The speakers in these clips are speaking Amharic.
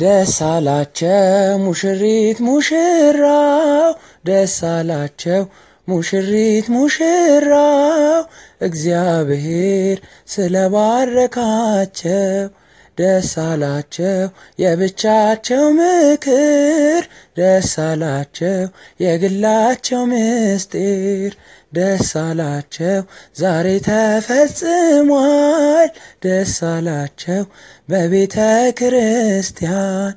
ደስ አላቸው ሙሽሪት ሙሽራው ደስ አላቸው ሙሽሪት ሙሽራው እግዚአብሔር ስለባረካቸው ደስ አላቸው የብቻቸው ምክር ደስ አላቸው የግላቸው ምስጢር ደስ አላቸው ዛሬ ተፈጽሟል ደስ አላቸው በቤተ ክርስቲያን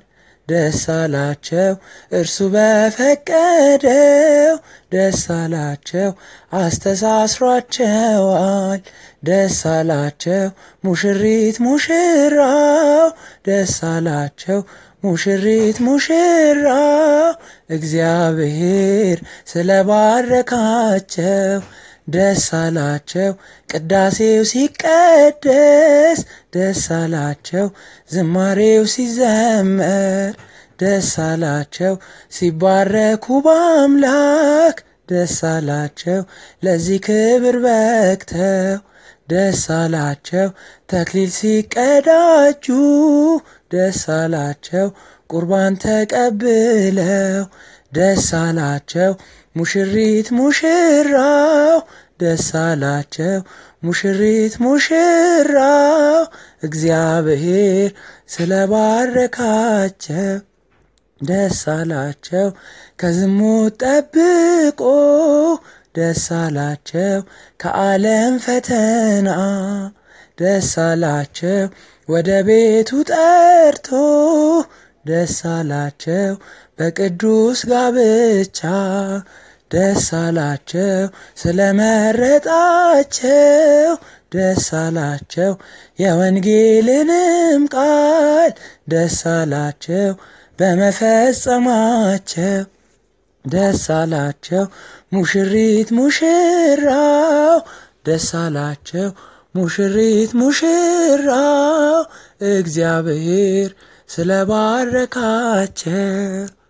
ደስ አላቸው እርሱ በፈቀደው ደስ አላቸው አስተሳስሯቸዋል ደስ አላቸው ሙሽሪት ሙሽራው ደስ አላቸው ሙሽሪት ሙሽራው እግዚአብሔር ስለባረካቸው ደስ አላቸው ቅዳሴው ሲቀደስ ደስ አላቸው ዝማሬው ሲዘመር ደስ አላቸው ሲባረኩ በአምላክ ደስ አላቸው ለዚህ ክብር በቅተው ደስ አላቸው ተክሊል ሲቀዳጁ ደስ አላቸው ቁርባን ተቀብለው ደስ አላቸው ሙሽሪት ሙሽራው ደስ አላቸው ሙሽሪት ሙሽራው እግዚአብሔር ስለባረካቸው ደስ አላቸው ከዝሙት ጠብቆ ደስ አላቸው ከዓለም ፈተና ደስ አላቸው ወደ ቤቱ ጠርቶ ደስ አላቸው በቅዱስ ጋብቻ ደስ አላቸው ስለመረጣቸው ደስ አላቸው የወንጌልንም ቃል ደስ አላቸው በመፈጸማቸው ደስ አላቸው ሙሽሪት ሙሽራው ደስ አላቸው ሙሽሪት ሙሽራው እግዚአብሔር ስለባረካቸው